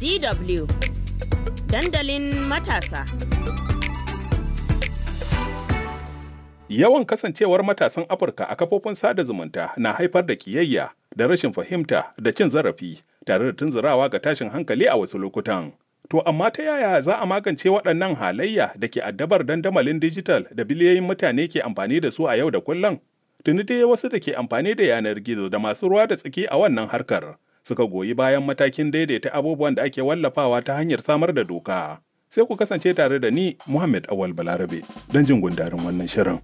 DW Dandalin Matasa. Yawan kasancewar matasan Afirka a kafofin sada zumunta na haifar da kiyayya da rashin fahimta da cin zarafi tare da tunzurawa ga tashin hankali a wasu lokutan. To amma ta yaya za a magance waɗannan halayya da ke addabar dandamalin dijital da biliyoyin mutane ke amfani da su a yau da kullum? Tuni dai wasu da ke amfani da yanar gizo da masu ruwa da tsaki a wannan harkar suka goyi bayan matakin daidaita abubuwan da ake wallafawa ta hanyar samar da doka. Sai ku kasance tare da ni Muhammad Awal Balarabe don jin gundarin wannan shirin.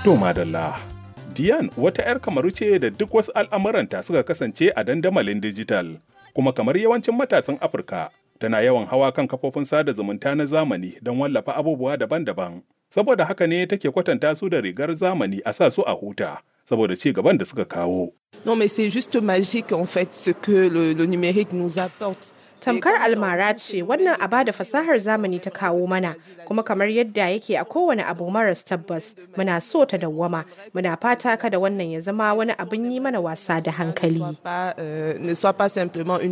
To madalla, Diyan wata 'yar kamaru ce da duk wasu al'amuranta suka kasance a dandamalin dijital. kuma kamar yawancin matasan Afirka tana yawan hawa kan kafofin sada zumunta na zamani don wallafa abubuwa daban-daban. Saboda haka ne take kwatanta su da rigar zamani a sa su a huta. saboda ci gaban da suka kawo. Non mais c'est juste magique en fait ce que le, le numérique nous apporte. tamkar almara ce wannan aba da fasahar zamani ta kawo mana kuma kamar yadda yake a kowane abu maras tabbas muna so ta dawwama muna fata kada wannan ya zama wani abin yi mana wasa da hankali euh,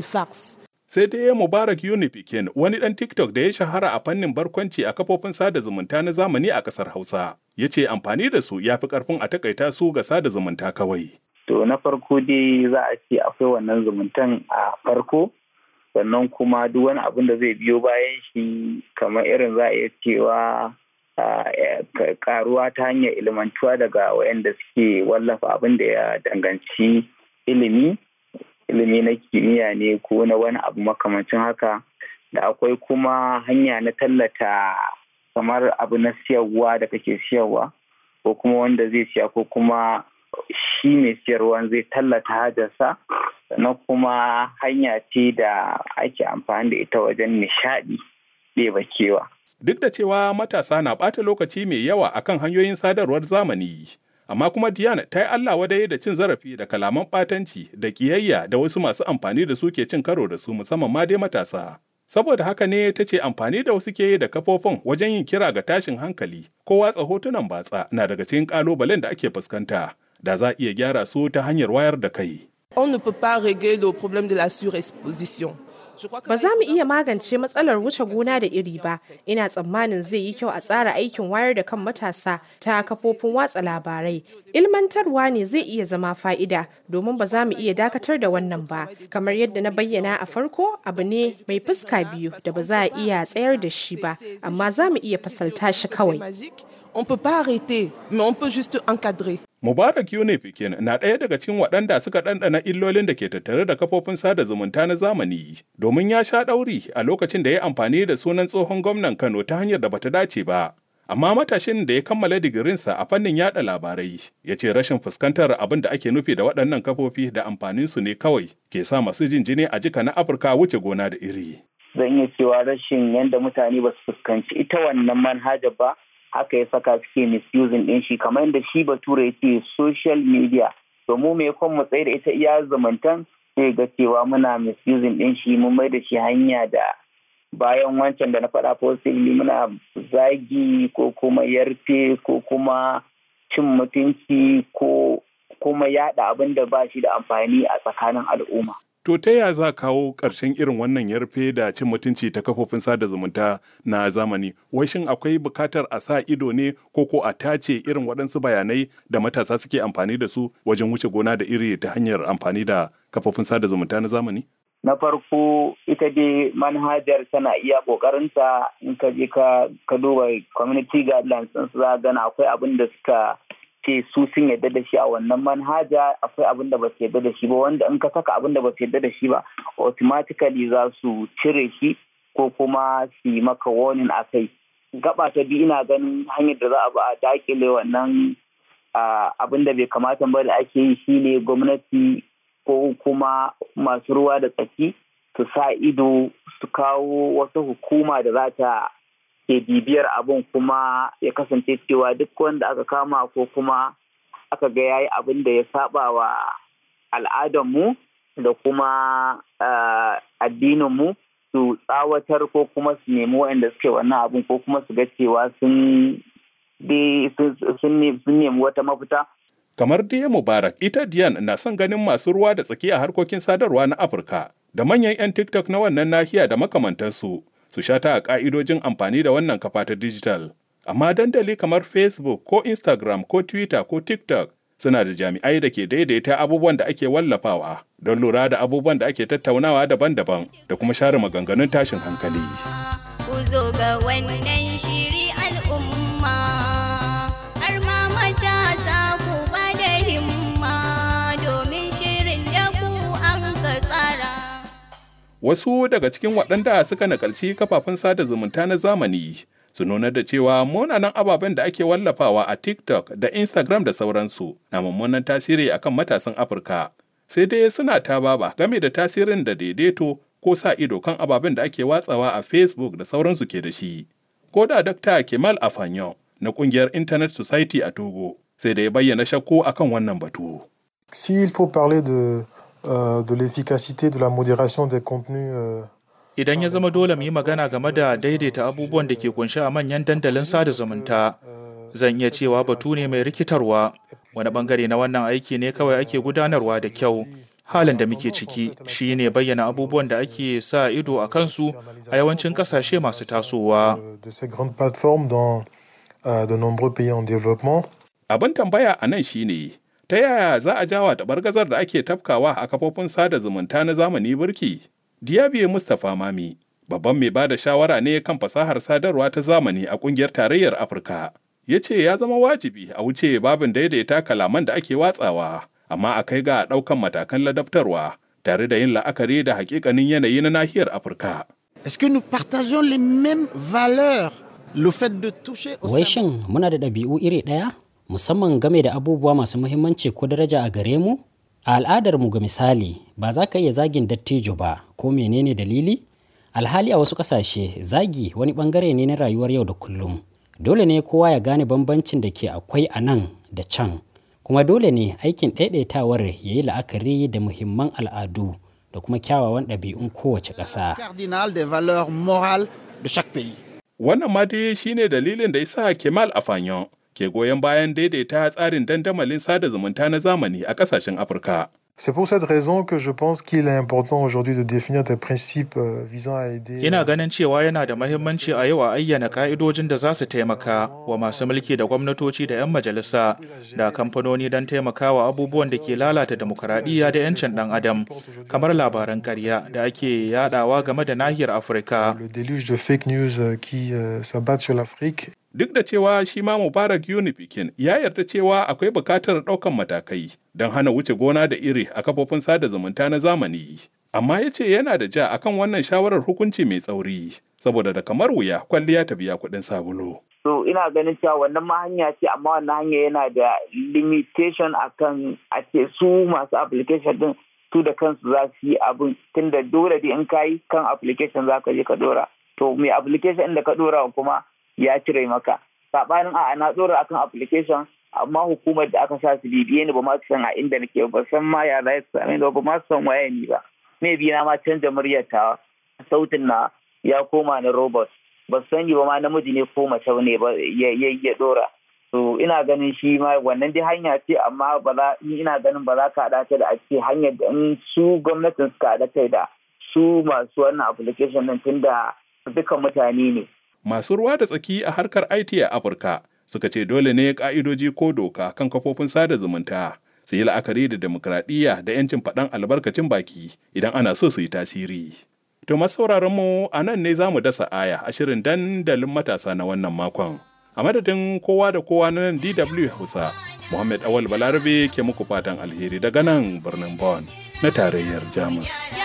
sai dai ya mubarak unifikin wani dan tiktok da ya shahara a fannin barkwanci a kafofin sada zumunta na zamani a kasar hausa ya ce amfani da su ya fi karfin a takaita su ga sada zumunta kawai to na farko dai za a ce akwai wannan zumuntan a farko sannan kuma duk wani abin da zai biyo bayan shi kamar irin za a iya cewa karuwa ta hanyar ilimantuwa daga wayanda suke wallafa abin da ya danganci ilimi ilimi na kimiyya ne ko na wani abu makamancin haka da akwai kuma hanya na tallata kamar abu na siyarwa da kake siyarwa ko kuma wanda zai siya ko kuma shi mai siyarwa zai tallata hajarsa sannan kuma hanya ce da ake amfani da ita wajen nishaɗi ɗeba kewa. Duk da cewa matasa na ɓata lokaci mai yawa akan hanyoyin sadarwar zamani, amma kuma Diana ta yi Allah wadai da cin zarafi da kalaman ɓatanci da ƙiyayya da wasu masu amfani da su ke cin karo da su musamman ma dai matasa. Saboda haka ne ta ce amfani da wasu ke da kafofin wajen yin kira ga tashin hankali ko watsa hotunan batsa na daga cikin ƙalubalen da ake fuskanta da za a iya gyara su ta hanyar wayar da kai. on ne peut pas régler le problème de la surexposition. Ba za mu iya magance matsalar wuce gona da iri ba, ina tsammanin zai yi kyau a tsara aikin wayar da kan matasa ta kafofin watsa labarai. Ilmantarwa ne zai iya zama fa'ida domin ba za mu iya dakatar da wannan ba. Kamar yadda na bayyana a farko abu ne mai fuska biyu da ba za a iya tsayar da shi ba, amma za mu iya fasalta shi kawai. On peut pas arrêter, mais on peut juste encadrer. Mubarak Unifikin na ɗaya daga cikin waɗanda suka ɗanɗana illolin da ke tattare da kafofin sada zumunta na zamani domin ya sha ɗauri a lokacin da ya amfani da sunan tsohon gwamnan Kano ta hanyar da bata dace ba. Amma matashin da ya kammala digirinsa a fannin yaɗa labarai ya ce rashin fuskantar abin da ake nufi da waɗannan kafofi da amfaninsu ne kawai ke sa masu jin jini a jika na Afirka wuce gona da iri. Zan iya cewa rashin yadda mutane ba su fuskanci ita wannan manhaja ba haka ya saka suke misusing din shi kamar yadda shi bature ya ce social media to mu me kwan mu tsaye da ita iya zamantan sai ga cewa muna misusing din shi mun mai da shi hanya da bayan wancan da na faɗa possibly muna zagi ko kuma yarfe ko kuma cin mutunci ko kuma yada abin da ba shi da amfani a tsakanin al'umma. To ta yaya za kawo ƙarshen irin wannan yarfe da cin mutunci ta kafofin sada zumunta na zamani? Wai shin akwai bukatar a sa ido ne ko ko a tace irin waɗansu bayanai da matasa suke amfani da su wajen wuce gona da iri ta hanyar amfani da kafofin sada zumunta na zamani? Na farko ita dai manhajar tana iya ƙoƙarinta in ka je ka duba community guidelines ɗin za gana akwai abin da suka ce su sun yadda da shi a wannan manhaja akwai abin da ba su yadda da shi ba wanda in ka saka abin da ba su yadda da shi ba automatically za su cire shi ko kuma su yi maka warning a kai gaba ta bi ina ganin hanyar da za a ba a dakile wannan abin da bai kamata ba da ake yi shine gwamnati ko kuma masu ruwa da tsaki su sa ido su kawo wasu hukuma da za ta ke bibiyar abin kuma ya kasance cewa duk wanda aka kama ko kuma aka ga yayi abin da ya saba wa al'adarmu da kuma eh, addininmu su tsawatar ko kuma su nemi waɗanda suke wannan abin ko kuma su ga cewa sun nemi wata mafita. Kamar Diya Mubarak, ita Diyan na son ganin masu ruwa da tsaki a harkokin sadarwa na Afirka da manyan 'yan TikTok na wannan nahiya da makamantansu su sha ta a ƙa'idojin amfani da wannan kafa ta dijital. Amma dandali kamar Facebook ko Instagram ko Twitter ko TikTok suna da jami'ai da ke daidaita abubuwan da ake wallafawa don lura da abubuwan da ake tattaunawa daban-daban da kuma share maganganun tashin hankali. Ku zo wannan shiri. Wasu daga cikin waɗanda suka nakalci kafafen sada zumunta na zamani su nuna da cewa munanan ababen da ake wallafawa a TikTok da Instagram da sauransu na mummunan tasiri akan matasan Afirka. Sai dai suna ta baba game da tasirin da daidaito ko sa ido kan ababen da ake watsawa a Facebook da sauransu ke da shi. Ko da Dr. Kemal Afanyo na kungiyar Internet Society a Togo sai da ya bayyana shakku akan wannan batu. Euh, de l'efficacité de la euh, Idan ya zama dole mu yi magana game da daidaita abubuwan da ke kunshi a manyan dandalin sada zumunta, euh, zan iya cewa batu ne mai rikitarwa, wani bangare na wannan aiki ne kawai ake gudanarwa da kyau. Halin da muke ciki shi ne bayyana abubuwan da ake sa ido a kansu a yawancin kasashe masu tasowa. Abin tambaya a nan shi ne, ta yaya za a jawa gazar da ake tafkawa a kafofin sada zumunta na zamani birki? Diabiye Mustapha Mami, babban mai ba da shawara ne kan fasahar sadarwa ta zamani a kungiyar tarayyar Afirka, ya ce ya zama wajibi a wuce babin daidaita kalaman da ake watsawa, amma a kai ga ɗaukan matakan ladabtarwa tare da yin la'akari da hakikanin yanayi na nahiyar Afirka. Est-ce Wai shin muna da ɗabi'u iri ɗaya? musamman game da abubuwa masu muhimmanci ko daraja a gare mu? A al'adarmu ga misali, ba za ka iya zagin dattijo ba ko menene dalili? Alhali a wasu ƙasashe zagi wani ɓangare ne na rayuwar yau da kullum. Dole ne kowa ya gane bambancin da ke akwai a nan da can. Kuma dole ne aikin ɗaiɗaitawar ya yi la'akari da muhimman al'adu da kuma kyawawan ɗabi'un kowace ƙasa. Wannan ma dai shine dalilin da isa Kemal Afanyo ke goyon bayan daidaita tsarin dandamalin sada zumunta na zamani a ƙasashen Afirka. C'est pour cette raison que je pense qu'il est important aujourd'hui de définir des principes euh, visant à aider. Ina euh, ganin cewa yana da mahimmanci a yau a ayyana ka'idojin da za su taimaka wa masu mulki da gwamnatoci da 'yan majalisa da kamfanoni don taimakawa abubuwan da ke lalata demokuraɗiyya da 'yancin ɗan adam kamar labaran ƙarya da ake yadawa game da nahiyar Afirka. duk da cewa shi ma mubarak unifikin ya yarda cewa akwai bukatar ɗaukan matakai don hana wuce gona da iri a kafofin sada zumunta na zamani amma ya ce yana da ja akan wannan shawarar hukunci mai tsauri saboda da kamar wuya kwalliya ta biya kuɗin sabulu so ina ganin cewa wannan ma hanya ce amma wannan hanya yana da limitation akan a ce su masu application din su da kansu za su yi abin tunda dole da in kayi kan application za ka je ka dora to mai application da ka dora kuma ya cire maka saɓanin a na tsora akan application amma hukumar da aka sa su bibiye ni ba ma san a inda nake ba san ma ya za su ba ma san waye ni ba me bi na ma canza muryar ta sautin na ya koma na robot ba yi ba ma namiji ne ko mace ne ba ya dora to ina ganin shi ma wannan dai hanya ce amma ba za ina ganin ba za ka haɗa ta da a ce hanyar da su gwamnatin suka haɗa ta da su masu wannan application din tunda duka mutane ne masu ruwa da tsaki a harkar IT a Afirka suka ce dole ne ka'idoji ko doka kan kafofin sada zumunta su yi la'akari da demokradiyya da 'yancin faɗan albarkacin baki idan ana so su yi tasiri. To masauraran mu a nan ne za mu dasa aya a shirin dandalin matasa na wannan makon. A madadin kowa da kowa na nan DW Hausa, Muhammad Awal Balarabe ke muku fatan alheri daga nan birnin Bonn na tarayyar Jamus.